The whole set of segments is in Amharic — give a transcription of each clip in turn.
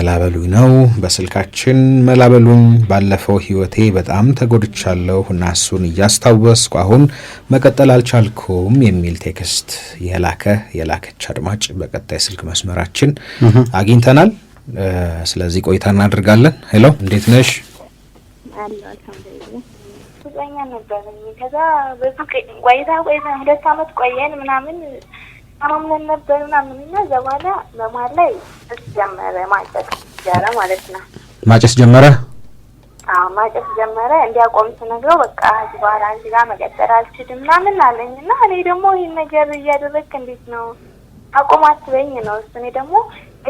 መላበሉኝ ነው በስልካችን መላበሉኝ። ባለፈው ህይወቴ በጣም ተጎድቻለሁ እና እሱን እያስታወስኩ አሁን መቀጠል አልቻልኩም የሚል ቴክስት የላከ የላከች አድማጭ በቀጣይ ስልክ መስመራችን አግኝተናል። ስለዚህ ቆይታ እናደርጋለን። ሄሎ እንዴት ነሽ? ነበረኝ። ከዛ ቆይታ ቆይታ ሁለት አመት ቆየን ምናምን አምነን ነበር ምናምን እና እዛ በኋላ በመሀል ላይ እስ ጀመረ። ማጨስ ጀመረ ማለት ነው። ማጨስ ጀመረ። አዎ ማጨስ ጀመረ። እንዲያቆም ስነግረው በቃ እዚህ በኋላ እዚህ ጋር መቀጠር አልችልም ምናምን አለኝ እና እኔ ደግሞ ይህን ነገር እያደረግክ እንዴት ነው አቁም አትበኝ ነው እሱ። እኔ ደግሞ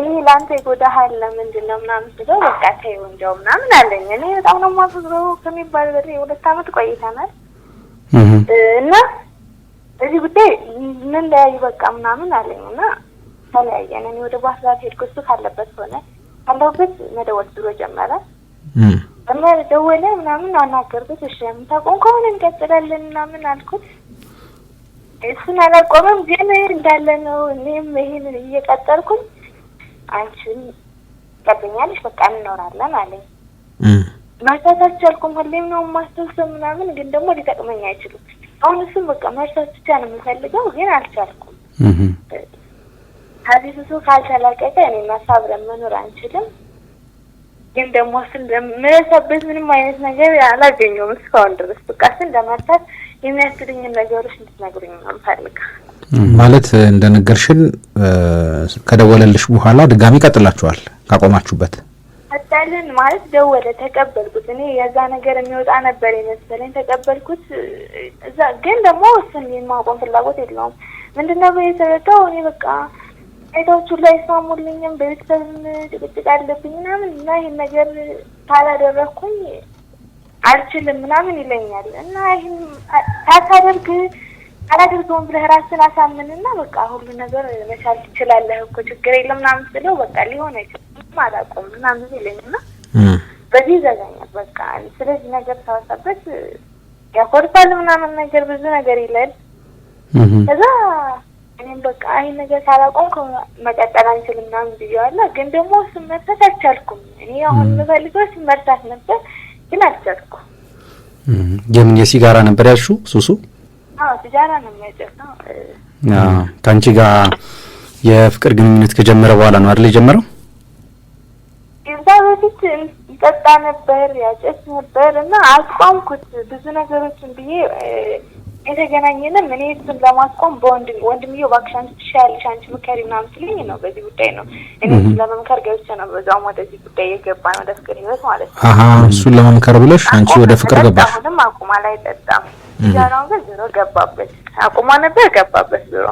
ይሄ ለአንተ ይጎዳሃል ለምንድን ነው ምናምን ስለው በቃ ተይው እንዲያው ምናምን አለኝ። እኔ በጣም ነው የማፈቅረው ከሚባል በላይ ሁለት አመት ቆይተናል እና እዚህ ጉዳይ እንለያይ በቃ ምናምን አለኝ እና ተለያየን። እኔ ወደ ባህርዳር ሄድኩ፣ እሱ ካለበት ሆነ። ካለሁበት መደወል ድሮ ጀመረ እና ደወለ ምናምን አናገርኩት። እሺ የምታቆም ከሆነ እንቀጥላለን ምናምን አልኩት። እሱን አላቆመም ግን እንዳለ ነው። እኔም ይህን እየቀጠልኩኝ አንቺን ቀብኛለሽ በቃ እንኖራለን አለኝ። መርሳት አልቻልኩም። ሁሌም ነው ማስተውሰ ምናምን ግን ደግሞ ሊጠቅመኝ አይችሉም አሁን እሱም በቃ መርሳት ብቻ ነው የምፈልገው፣ ግን አልቻልኩም። ከዚህ ብሱ ካልተላቀቀ እኔ እሱ አብረን መኖር አንችልም። ግን ደግሞ እሱን የምረሳበት ምንም አይነት ነገር አላገኘውም እስካሁን ድረስ። በቃ እሱን ለመርሳት የሚያስችሉኝን ነገሮች እንድትነግሩኝ ነው የምፈልገው። ማለት እንደነገርሽን ከደወለልሽ በኋላ ድጋሚ ይቀጥላችኋል ካቆማችሁበት መጣልን ማለት ደወለ፣ ተቀበልኩት። እኔ የዛ ነገር የሚወጣ ነበር የመሰለኝ ተቀበልኩት። እዛ ግን ደግሞ እሱን የማቆም ፍላጎት የለውም። ምንድነው የተረዳው? እኔ በቃ ሁኔታዎቹ ላይ አይስማሙልኝም፣ በቤተሰብም ጭቅጭቅ አለብኝ ምናምን እና ይህን ነገር ካላደረግኩኝ አልችልም ምናምን ይለኛል እና ይህን ሳታደርግ አላደርገውም ብለህ ራስን አሳምንና በቃ ሁሉ ነገር መቻል ትችላለህ እኮ ችግር የለም ምናምን ስለው በቃ ሊሆን አይችልም አላውቀውም ምናምን ይለኝ እና በዚህ ይዘጋኛል። በቃ ስለዚህ ነገር ሳወሳበት ያኮርፋል ምናምን ነገር ብዙ ነገር ይለል። ከዛ እኔም በቃ ይህ ነገር ካላቆምኩ መቀጠል አንችልም ምናምን ብያዋለ። ግን ደግሞ እሱን መርሳት አልቻልኩም። እኔ አሁን የምፈልገው እሱን መርሳት ነበር፣ ግን አልቻልኩም። የምን የሲጋራ ነበር ያልሺው? ሱሱ ሲጋራ ነው የሚያጨርሰው። ከአንቺ ጋር የፍቅር ግንኙነት ከጀመረ በኋላ ነው አይደል የጀመረው? በፊት ይጠጣ ነበር፣ ያጨስ ነበር እና አስቆምኩት። ብዙ ነገሮችን ብዬ የተገናኘንም እኔ እሱን ለማስቆም በወንድም ወንድምዬው እባክሽ አንቺ ትሻያለሽ አንቺ ምከሪ ምናምን ስለኝ ነው። በዚህ ጉዳይ ነው እኔ እሱን ለመምከር ገብቼ ነው በዛውም ወደዚህ ጉዳይ የገባ ነው ወደ ፍቅር ህይወት ማለት ነው። አሀ እሱን ለመምከር ብለሽ አንቺ ወደ ፍቅር ገባሽ። አሁንም አቁሟል፣ አይጠጣም። ዛራውን ግን ዞሮ ገባበት። አቁማ ነበር ገባበት ዝሮ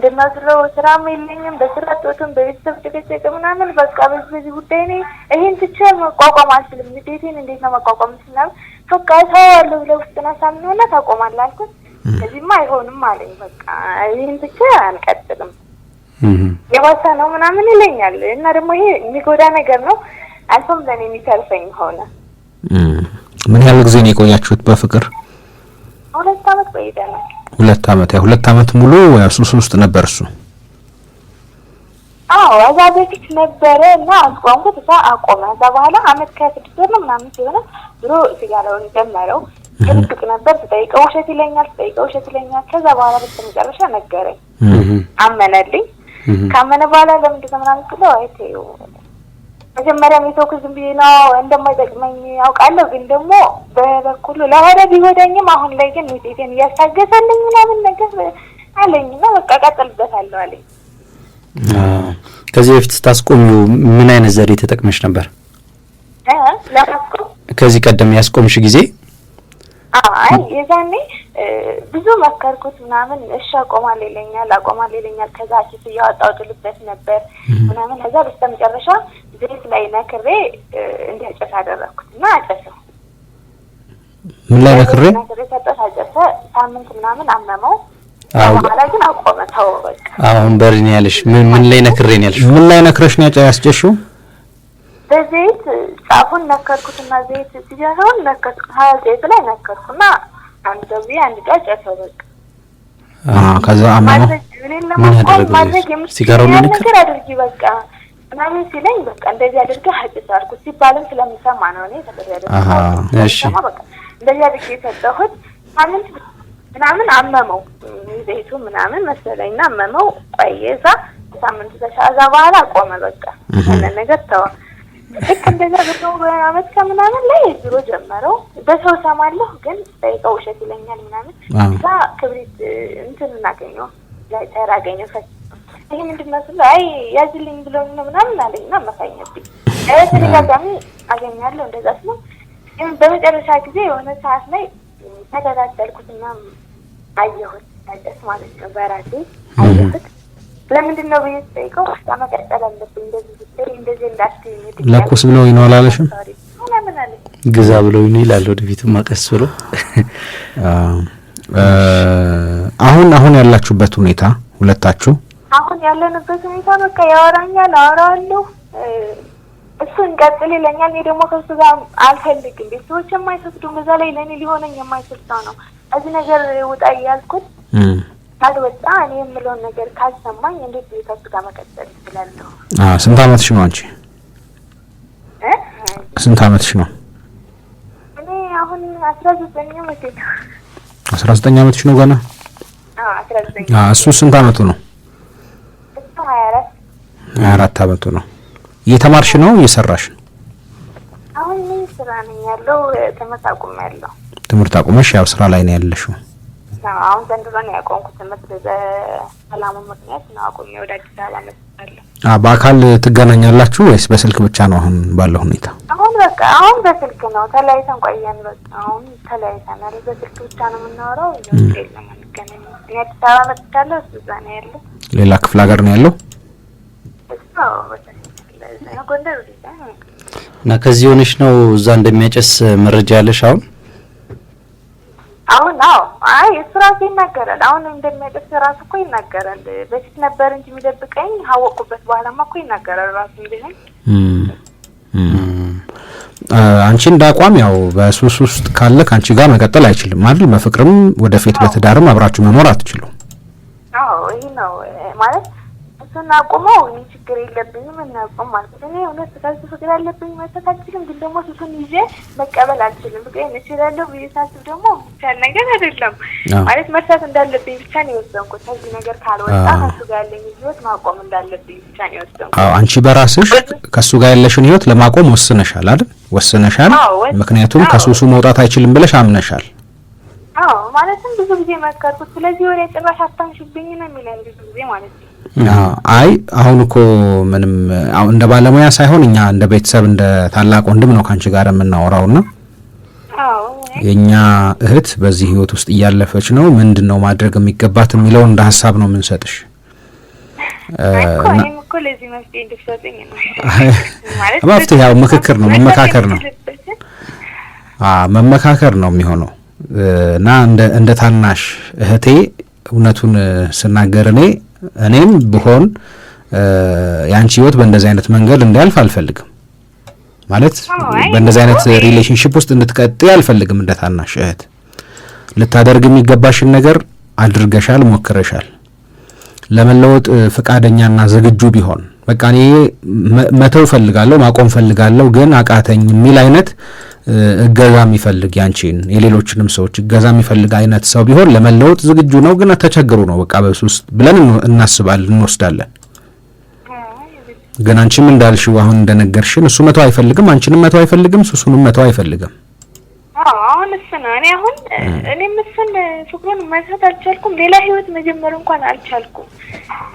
እንደማዝለው ስራም የለኝም። በስራ ጦትም በቤተሰብ ጭቅጭቅ ምናምን በቃ በዚህ ጉዳይ እኔ ይሄን ትቼ መቋቋም አልችልም። ንዴቴን እንዴት ነው መቋቋም ስናም በቃ ተዋዋለሁ ብለህ ውስጥና ሳምንሆና ታቆማለህ አልኩት። እዚህማ አይሆንም አለኝ። በቃ ይህን ትቼ አንቀጥልም የባሳ ነው ምናምን ይለኛል እና ደግሞ ይሄ የሚጎዳ ነገር ነው አልፎም ለእኔ የሚተርፈኝ ሆነ። ምን ያህል ጊዜ ነው የቆያችሁት በፍቅር? ሁለት አመት ቆይተናል። ሁለት አመት ያ ሁለት አመት ሙሉ ያው ሱስ ውስጥ ነበር እሱ። አዎ እዛ በፊት ነበረ እና አስቆምኩት፣ እዛ አቆመ። እዛ በኋላ አመት ከስድስት ወር ነው ምናምን ሲሆነ ድሮ ሲጋራውን ጀመረው። ግልግጥ ነበር። ስጠይቀው ውሸት ይለኛል፣ ስጠይቀው ውሸት ይለኛል። ከዛ በኋላ በስተመጨረሻ ነገረኝ፣ አመነልኝ። ካመነ በኋላ ለምንድን ነው ምናምን ስለው አይ መጀመሪያም የተውኩት ዝም ብዬ ነው እንደማይጠቅመኝ ያውቃለሁ። ግን ደግሞ በበኩሉ ለሆነ ቢወደኝም አሁን ላይ ግን ውጤቴን እያስታገሰልኝ ምናምን ነገር አለኝ እና በቃ ቀጥልበታለሁ አለኝ። ከዚህ በፊት ስታስቆሚው ምን አይነት ዘዴ ተጠቅመሽ ነበር? ከዚህ ቀደም ያስቆምሽ ጊዜ? አይ የዛኔ ብዙ መከርኩት ምናምን። እሺ አቆማል ይለኛል፣ አቆማል ይለኛል። ከዛ ኪስ እያወጣው ጥልበት ነበር ምናምን ከዛ በስተ መጨረሻ ቤት ላይ መክሬ እንዲያጨስ አደረግኩት እና አጨሰው። ምን ላይ መክሬ መክሬ ሰጠት አጨሰ። ሳምንት ምናምን አመመው። በኋላ ግን አቆመ ተው በቃ። አሁን በሪ ነው ያለሽ? ምን ላይ ነክሬ ነው ያለሽ? ምን ላይ ነክረሽ ነው ያጨ ያስጨሽው? በዘይት ጫፉን እና ዘይት ሲጃሰውን ነከርኩ። ሀያ ዘይት ላይ ነከርኩና አንድ ደብዚ አንድ ጫ ጨሰው በቃ አዎ። ከዛ አመመው። ምን አደረገ? ሲጋራውን ነገር አድርጊ በቃ ምናምን ሲለኝ በቃ እንደዚህ አድርገህ አጭስ አልኩት። ሲባልም ስለምሰማ ነው እኔ እንደዚህ አድርጌ የሰጠሁት ሳምንት ምናምን አመመው ይዘቱ ምናምን መሰለኝ እና አመመው ቆየ። እዛ ሳምንቱ ተሻዛ በኋላ ቆመ። በቃ ያንን ነገር ተወ። ልክ እንደዛ በሰው አመት ከምናምን ላይ ድሮ ጀመረው። በሰው ሰማለሁ ግን ጠይቀው ውሸት ይለኛል ምናምን። እዛ ክብሪት እንትን እናገኘው ላይ ተራ አገኘው ይህ ምንድን ነው ስለው አይ ያዝልኝ ብሎኝ ነው ምናምን አለኝ እና አገኛለሁ እንደዛ በመጨረሻ ጊዜ የሆነ ሰዓት ላይ ተከታተልኩትና አየሁት መለስ ማለት ነው በራሴ አየሁት። ለምንድን ነው ብዬ ስጠይቀው መቀጠል አለብኝ እንደዚህ እንደዚህ ለኩስ አላለሽም ግዛ ብለውኝ ነው ይላል ወደፊትም ማቀስ ብሎ አሁን አሁን ያላችሁበት ሁኔታ ሁለታችሁ አሁን ያለንበት ሁኔታ በቃ ያወራኛል፣ አወራዋለሁ፣ እሱ እንቀጥል ይለኛል። እኔ ደግሞ ከሱ ጋር አልፈልግም። ቤተሰቦች የማይፈቅዱም፣ እዛ ላይ ለእኔ ሊሆነኝ የማይፈቅድ ሰው ነው። እዚህ ነገር ውጣ እያልኩት ካልወጣ እኔ የምለውን ነገር ካልሰማኝ እንዴት ከሱ ጋር መቀጠል ይችላለሁ? ስንት አመትሽ ነው አንቺ? ስንት አመትሽ ነው? እኔ አሁን አስራ ዘጠኝ አመቴ ነው። አስራ ዘጠኝ አመትሽ ነው ገና? እሱ ስንት አመቱ ነው? ሀያ አራት አመቱ ነው። እየተማርሽ ነው እየሰራሽ ነው? አሁን ምን ስራ ነኝ ያለው ትምህርት አቁም ያለው ትምህርት አቁመሽ ያው ስራ ላይ ነው ያለሽው? አሁን ዘንድሮ ነው ያቆምኩት ትምህርት በሰላሙ ምክንያት ነው አቁሜ ወደ አዲስ አበባ መጥቻለሁ። አ በአካል ትገናኛላችሁ ወይስ በስልክ ብቻ ነው? አሁን ባለው ሁኔታ አሁን በቃ አሁን በስልክ ነው ተለያይተን ቆየን። በቃ አሁን ተለያይተናል። በስልክ ብቻ ነው የምናወራው። የለም አንገናኝም። እኔ አዲስ አበባ መጥቻለሁ፣ እሱ እዛ ነው ያለው። ሌላ ክፍለ ሀገር ነው ያለው ጎንደር እና ከዚህ ሆነሽ ነው እዛ እንደሚያጨስ መረጃ ያለሽ አሁን? አሁን አዎ። አይ እሱ ራሱ ይናገራል። አሁን እንደሚያጨስ ራሱ እኮ ይናገራል። በፊት ነበር እንጂ የሚደብቀኝ አወቅኩበት በኋላማ እኮ ይናገራል ራሱ ቢሆን አንቺ እንደ አቋም ያው በሱስ ውስጥ ካለ ከአንቺ ጋር መቀጠል አይችልም አይደል? በፍቅርም ወደፊት በትዳርም አብራችሁ መኖር አትችሉም። አዎ ይሄ ነው ማለት እሱን አቁሞ እኔ ችግር የለብኝም እናቁም ማለት እኔ እውነት ከሱ ፍቅር ያለብኝ መስጠት አልችልም፣ ግን ደግሞ ሱሱን ይዤ መቀበል አልችልም። ፍቅር እችላለሁ ብዬ ሳስብ ደግሞ ብቻ ነገር አይደለም ማለት መርሳት እንዳለብኝ ብቻ ነው የወሰንኩት። ከዚህ ነገር ካልወጣ ከሱ ጋር ያለኝ ህይወት ማቆም እንዳለብኝ ብቻ ነው የወሰንኩት። አንቺ በራስሽ ከሱ ጋር ያለሽን ህይወት ለማቆም ወስነሻል አይደል? ወስነሻል። ምክንያቱም ከሱሱ መውጣት አይችልም ብለሽ አምነሻል። አዎ ማለትም ብዙ ጊዜ መከርኩት። ስለዚህ ወደ ጭራሽ አታምሽብኝ ነው የሚለኝ ብዙ ጊዜ ማለት ነው አይ አሁን እኮ ምንም እንደ ባለሙያ ሳይሆን እኛ እንደ ቤተሰብ እንደ ታላቅ ወንድም ነው ከአንቺ ጋር የምናወራውና የእኛ እህት በዚህ ህይወት ውስጥ እያለፈች ነው። ምንድን ነው ማድረግ የሚገባት የሚለው እንደ ሀሳብ ነው የምንሰጥሽ። መፍትሄ ያው ምክክር ነው መመካከር ነው መመካከር ነው የሚሆነው እና እንደ ታናሽ እህቴ እውነቱን ስናገር እኔ እኔም ብሆን የአንቺ ህይወት በእንደዚህ አይነት መንገድ እንዲያልፍ አልፈልግም። ማለት በእንደዚህ አይነት ሪሌሽንሽፕ ውስጥ እንድትቀጥይ አልፈልግም። እንደ ታናሽ እህት ልታደርግ የሚገባሽን ነገር አድርገሻል፣ ሞክረሻል። ለመለወጥ ፈቃደኛና ዝግጁ ቢሆን በቃ እኔ መተው ፈልጋለሁ፣ ማቆም ፈልጋለሁ፣ ግን አቃተኝ የሚል አይነት እገዛ የሚፈልግ ያንቺን የሌሎችንም ሰዎች እገዛ የሚፈልግ አይነት ሰው ቢሆን ለመለወጥ ዝግጁ ነው፣ ግን ተቸግሩ ነው በቃ በሱ ውስጥ ብለን እናስባለን እንወስዳለን። ግን አንቺም እንዳልሽው አሁን እንደነገርሽን እሱ መተው አይፈልግም፣ አንቺንም መተው አይፈልግም፣ ሱሱንም መተው አይፈልግም። አሁን እሱን እኔ አሁን እኔ እሱን ፍቅሩን መሳት አልቻልኩም። ሌላ ህይወት መጀመር እንኳን አልቻልኩም።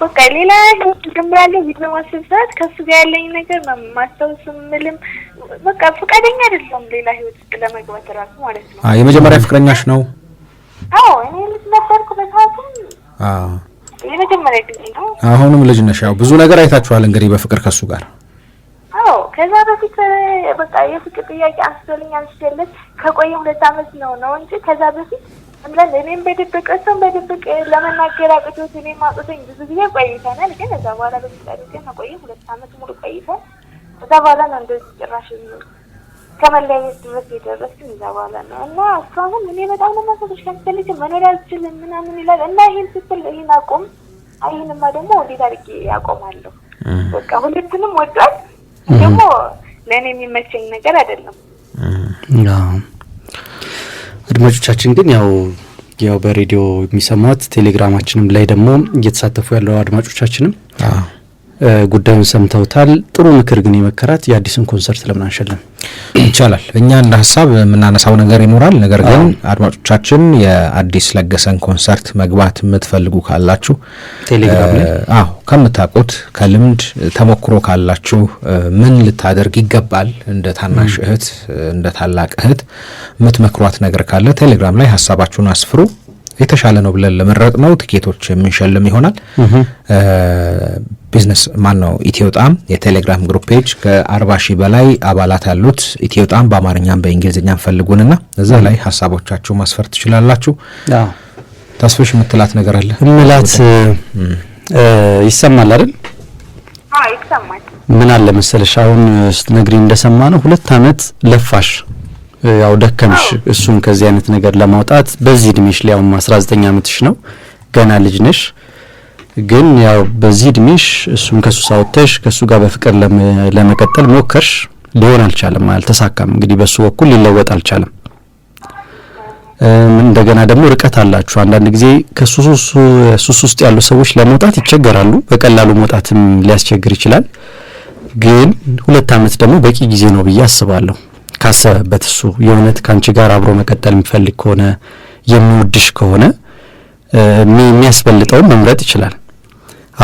በቃ ሌላ ህይወት ጀምራለሁ ቢት በማስብ ሰዓት ከሱ ጋር ያለኝ ነገር ማስታወስ ምልም በቃ ፈቃደኛ አይደለም ሌላ ህይወት ውስጥ ለመግባት ራሱ ማለት ነው። የመጀመሪያ ፍቅረኛሽ ነው? አዎ እኔ ልጅ ነበርኩ በሰዓቱም የመጀመሪያ ጊዜ ነው። አሁንም ልጅ ነሽ። ያው ብዙ ነገር አይታችኋል እንግዲህ በፍቅር ከሱ ጋር አዎ ከዛ በፊት በቃ የፍቅር ጥያቄ አንስቶልኝ አንስቶለት ከቆየ ሁለት አመት ነው ነው እንጂ ከዛ በፊት ምለን እኔም በድብቅ እሱም በድብቅ ለመናገር አቅቶት እኔም አቅቶኝ ብዙ ጊዜ ቆይተናል። ግን እዛ በኋላ በፊት አድርገን ቆየ ሁለት አመት ሙሉ ቆይተን ከዛ በኋላ ነው እንደዚህ ጭራሽ ከመለያየት ድረስ የደረስን እዛ በኋላ ነው። እና እሱ አሁን እኔ በጣም ነው ማሳቶች ከሚፈልግ መኖር አልችልም ምናምን ይላል። እና ይህን ስትል ይህን አቁም አይህንማ ደግሞ ወዴት አድርጌ ያቆማለሁ? በቃ ሁለቱንም ወዷል። ደግሞ ለእኔ የሚመቸኝ ነገር አይደለም። አድማጮቻችን ግን ያው ያው በሬዲዮ የሚሰማት ቴሌግራማችንም ላይ ደግሞ እየተሳተፉ ያለው አድማጮቻችንም ጉዳዩን ሰምተውታል። ጥሩ ምክር ግን የመከራት የአዲስን ኮንሰርት ለምን አንሸልም ይቻላል። እኛ እንደ ሀሳብ የምናነሳው ነገር ይኖራል። ነገር ግን አድማጮቻችን የአዲስ ለገሰን ኮንሰርት መግባት የምትፈልጉ ካላችሁ ቴሌግራም ላይ አዎ ከምታውቁት ከልምድ ተሞክሮ ካላችሁ ምን ልታደርግ ይገባል፣ እንደ ታናሽ እህት እንደ ታላቅ እህት የምትመክሯት ነገር ካለ ቴሌግራም ላይ ሀሳባችሁን አስፍሩ። የተሻለ ነው ብለን ለመረጥ ነው ትኬቶች የምንሸልም ይሆናል። ቢዝነስ ማን ነው ጣም የቴሌግራም ግሩፕ ፔጅ ከአርባ ሺህ በላይ አባላት ያሉት ጣም በአማርኛም በእንግሊዝኛም ፈልጉንና እዛ ላይ ሀሳቦቻችሁ ማስፈር ትችላላችሁ። ታስፎሽ የምትላት ነገር አለ ምላት ይሰማል አይደል? ምን አለ መሰለሽ አሁን ስትነግሪ እንደሰማ ነው ሁለት አመት ለፋሽ ያው ደከምሽ እሱን ከዚህ አይነት ነገር ለማውጣት በዚህ እድሜሽ ላይ ያውም 19 ዓመትሽ ነው፣ ገና ልጅ ነሽ። ግን ያው በዚህ እድሜሽ እሱን ከሱ ሳውተሽ ከሱ ጋር በፍቅር ለመቀጠል ሞከርሽ፣ ሊሆን አልቻለም፣ አልተሳካም። እንግዲህ በሱ በኩል ሊለወጥ አልቻለም። እንደገና ደግሞ ርቀት አላችሁ። አንዳንድ ጊዜ ከሱሱ ውስጥ ያሉ ሰዎች ለመውጣት ይቸገራሉ። በቀላሉ መውጣትም ሊያስቸግር ይችላል። ግን ሁለት አመት ደግሞ በቂ ጊዜ ነው ብዬ አስባለሁ። ካሰበበት እሱ የእውነት ከአንቺ ጋር አብሮ መቀጠል የሚፈልግ ከሆነ የሚወድሽ ከሆነ የሚያስበልጠውን መምረጥ ይችላል።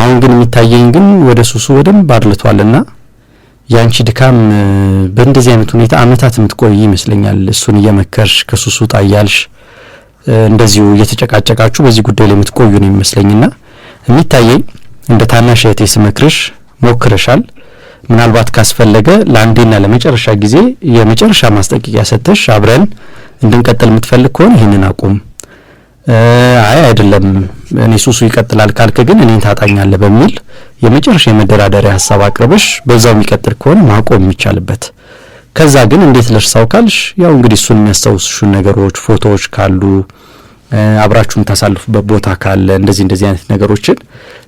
አሁን ግን የሚታየኝ ግን ወደ ሱሱ በደንብ አድልቷልና የአንቺ ድካም በእንደዚህ አይነት ሁኔታ አመታት የምትቆይ ይመስለኛል። እሱን እየመከርሽ ከሱሱ ጣያልሽ እንደዚሁ እየተጨቃጨቃችሁ በዚህ ጉዳይ ላይ የምትቆዩ ነው የሚመስለኝና የሚታየኝ እንደ ታናሽ እህቴ ስመክርሽ ሞክረሻል። ምናልባት ካስፈለገ ለአንዴና ለመጨረሻ ጊዜ የመጨረሻ ማስጠንቀቂያ ሰጥተሽ አብረን እንድንቀጥል የምትፈልግ ከሆነ ይህንን አቁም። አይ አይደለም እኔ ሱሱ ይቀጥላል ካልክ ግን እኔን ታጣኛለህ በሚል የመጨረሻ የመደራደሪያ ሀሳብ አቅርበሽ በዛው የሚቀጥል ከሆነ ማቆም የሚቻልበት ከዛ ግን እንዴት ለርሳው ካልሽ ያው እንግዲህ እሱን የሚያስታውሱሽን ነገሮች ፎቶዎች ካሉ አብራችሁ የምታሳልፉበት ቦታ ካለ እንደዚህ እንደዚህ አይነት ነገሮችን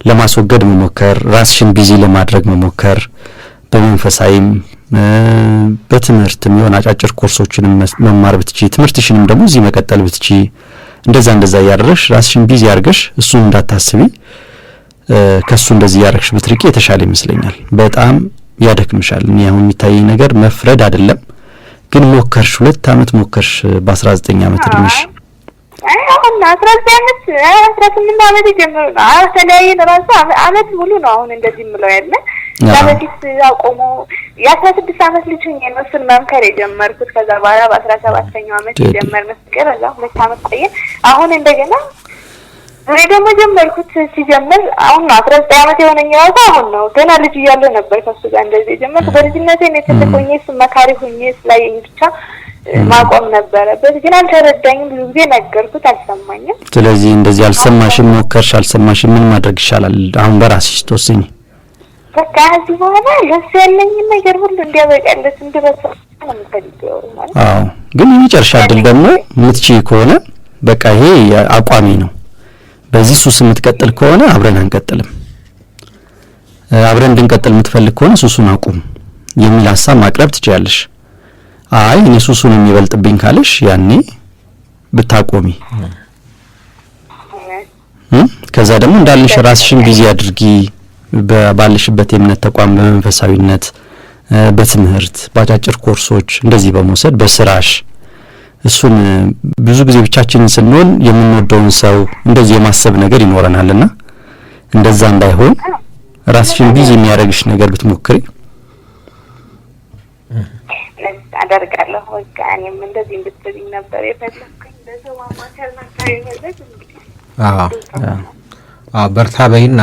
ለማስወገድ መሞከር፣ ራስሽን ቢዚ ለማድረግ መሞከር በመንፈሳዊም በትምህርትም የሆነ አጫጭር ኮርሶችን መማር ብትቺ ትምህርትሽንም ደግሞ እዚህ መቀጠል ብትች እንደዛ እንደዛ እያደረግሽ ራስሽን ቢዚ አድርገሽ እሱን እንዳታስቢ ከሱ እንደዚህ እያደረግሽ ብትርቂ የተሻለ ይመስለኛል። በጣም ያደክምሻል። እኔ አሁን የሚታይ ነገር መፍረድ አይደለም፣ ግን ሞከርሽ፣ ሁለት አመት ሞከርሽ በ19 አመት እድሜሽ አሁን አስራ ዘጠኝ አመት አስራ ስምንት አመት ጀምሮ ነው ተለያየን። ራሱ አመት ሙሉ ነው አሁን እንደዚህ ምለው ያለ በበፊት ያቆሙ የአስራ ስድስት አመት ልጅ ሆኜ ነው እሱን መምከር የጀመርኩት። ከዛ በኋላ በአስራ ሰባተኛው አመት ጀመር ፍቅር እዛ ሁለት አመት ቆየ። አሁን እንደገና እኔ ደግሞ ጀመርኩት። ሲጀምር አሁን ነው አስራ ዘጠኝ አመት የሆነኝ ራሱ አሁን ነው። ገና ልጅ እያለሁ ነበር ከሱ ጋር እንደዚህ የጀመርኩ። በልጅነቴ ነው። ትልቅ ሆኜ እሱ መካሪ ሆኜ ስላየኝ ብቻ ማቆም ነበረበት፣ ግን አልተረዳኝም። ብዙ ጊዜ ነገርኩት፣ አልሰማኝም። ስለዚህ እንደዚህ አልሰማሽም፣ ሞከርሽ፣ አልሰማሽም፣ ምን ማድረግ ይሻላል? አሁን በራስሽ ተወስኝ በቃ እዚህ በኋላ ለሱ ያለኝን ነገር ሁሉ እንዲያበቃለት እንድበሳ ነው የምፈልገው። ግን የመጨረሻ ደግሞ ከሆነ በቃ ይሄ አቋሚ ነው። በዚህ ሱስ የምትቀጥል ከሆነ አብረን አንቀጥልም። አብረን እንድንቀጥል የምትፈልግ ከሆነ ሱሱን አቁም የሚል ሀሳብ ማቅረብ ትችላለሽ። አይ እኔ ሱሱን የሚበልጥብኝ ካለሽ ያኔ ብታቆሚ ከዛ ደግሞ እንዳልሽ ራስሽን ቢዚ አድርጊ ባለሽበት የእምነት ተቋም በመንፈሳዊነት፣ በትምህርት፣ በአጫጭር ኮርሶች እንደዚህ በመውሰድ በስራሽ እሱን ብዙ ጊዜ ብቻችንን ስንሆን የምንወደውን ሰው እንደዚህ የማሰብ ነገር ይኖረናልና እንደዛ እንዳይሆን ራስሽን ቢዚ የሚያደርግሽ ነገር ብትሞክሪ አደርጋለሁ። በቃ እኔም እንደዚህ እንድትልኝ ነበር የፈለግኩኝ። በሰው ማማከር ነበር የፈለግ እንግዲህ በርታ በይና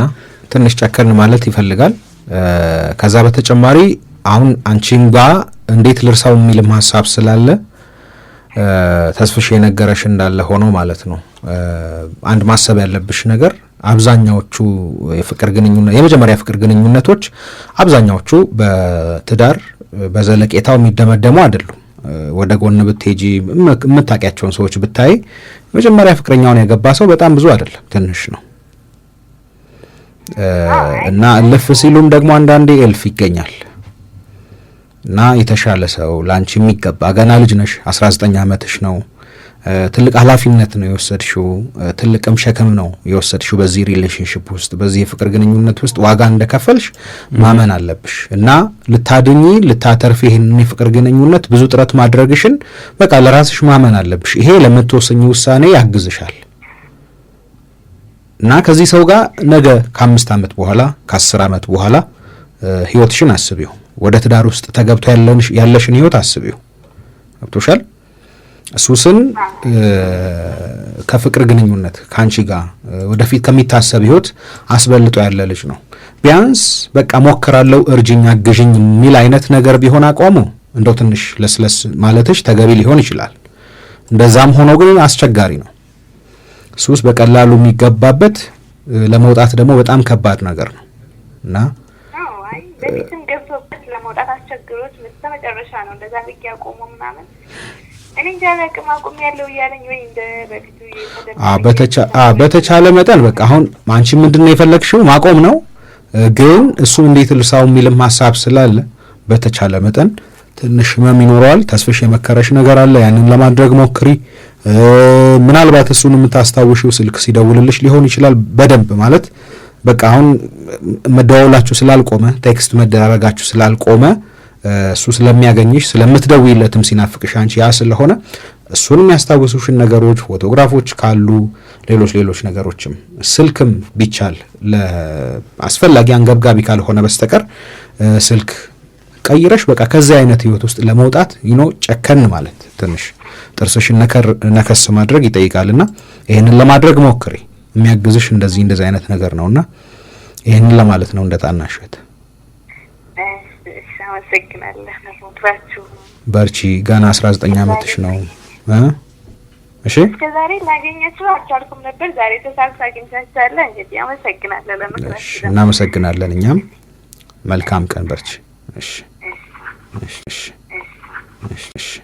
ትንሽ ጨከን ማለት ይፈልጋል። ከዛ በተጨማሪ አሁን አንቺን ጋ እንዴት ልርሳው የሚልም ሀሳብ ስላለ ተስፍሽ የነገረሽ እንዳለ ሆኖ ማለት ነው። አንድ ማሰብ ያለብሽ ነገር አብዛኛዎቹ የፍቅር ግንኙነት የመጀመሪያ ፍቅር ግንኙነቶች አብዛኛዎቹ በትዳር በዘለቄታው የሚደመደሙ አይደሉም። ወደ ጎን ብትሄጂ የምታውቂያቸውን ሰዎች ብታይ መጀመሪያ ፍቅረኛውን ያገባ ሰው በጣም ብዙ አይደለም፣ ትንሽ ነው። እና እልፍ ሲሉም ደግሞ አንዳንዴ ኤልፍ ይገኛል እና የተሻለ ሰው ለአንቺ የሚገባ ገና ልጅ ነሽ፣ 19 ዓመትሽ ነው። ትልቅ ኃላፊነት ነው የወሰድሽው፣ ትልቅም ሸክም ነው የወሰድሽው። በዚህ ሪሌሽንሽፕ ውስጥ በዚህ የፍቅር ግንኙነት ውስጥ ዋጋ እንደከፈልሽ ማመን አለብሽ እና ልታድኚ ልታተርፍ ይህንን የፍቅር ግንኙነት ብዙ ጥረት ማድረግሽን በቃ ለራስሽ ማመን አለብሽ። ይሄ ለምትወስኝ ውሳኔ ያግዝሻል። እና ከዚህ ሰው ጋር ነገ ከአምስት ዓመት በኋላ ከአስር ዓመት በኋላ ህይወትሽን አስቢው። ወደ ትዳር ውስጥ ተገብቶ ያለሽን ህይወት አስቢው። ገብቶሻል? ሱስን ከፍቅር ግንኙነት ከአንቺ ጋር ወደፊት ከሚታሰብ ህይወት አስበልጦ ያለ ልጅ ነው። ቢያንስ በቃ ሞክራለው እርጅኝ፣ አግዥኝ የሚል አይነት ነገር ቢሆን አቋሙ እንደው ትንሽ ለስለስ ማለትሽ ተገቢ ሊሆን ይችላል። እንደዛም ሆኖ ግን አስቸጋሪ ነው። ሱስ በቀላሉ የሚገባበት ለመውጣት ደግሞ በጣም ከባድ ነገር ነው እና በፊትም ገብቶበት ለመውጣት አስቸግሮት መጨረሻ ነው እንደዛ ያቆሙ ምናምን እኔ እንጃ አቁም ያለው እያለኝ ወይ እንደ በፊቱ በተቻለ መጠን በቃ አሁን አንቺ ምንድን ነው የፈለግሽው ማቆም ነው፣ ግን እሱ እንዴት ልሳው የሚልም ሀሳብ ስላለ በተቻለ መጠን ትንሽ ህመም ይኖረዋል። ተስፍሽ የመከረሽ ነገር አለ፣ ያንን ለማድረግ ሞክሪ። ምናልባት እሱን የምታስታውሽው ስልክ ሲደውልልሽ ሊሆን ይችላል። በደንብ ማለት በቃ አሁን መደዋወላችሁ ስላልቆመ ቴክስት መደራረጋችሁ ስላልቆመ እሱ ስለሚያገኝሽ ስለምትደውይለትም ሲናፍቅሽ አንቺ ያ ስለሆነ እሱን የሚያስታውሱሽን ነገሮች ፎቶግራፎች ካሉ ሌሎች ሌሎች ነገሮችም ስልክም ቢቻል ለአስፈላጊ አንገብጋቢ ካልሆነ በስተቀር ስልክ ቀይረሽ በቃ ከዚህ አይነት ህይወት ውስጥ ለመውጣት ይኖ ጨከን ማለት ትንሽ ጥርስሽን ነከስ ማድረግ ይጠይቃልና ይህንን ለማድረግ ሞክሪ። የሚያግዝሽ እንደዚህ እንደዚህ አይነት ነገር ነውና ይህንን ለማለት ነው። እንደ ጣናሽት በርቺ። ገና ዘጠኝ ዓመትሽ ነው። እሺ እስከ ዛሬ ላገኛችሁ አልቻልኩም ነበር። ዛሬ ተሳክቶ አግኝቻችኋለሁ። እንግዲህ አመሰግናለሁ። ለምክራችሁ እናመሰግናለን። እኛም መልካም ቀን። በርች። እሺ Mish, mish, mish, mish.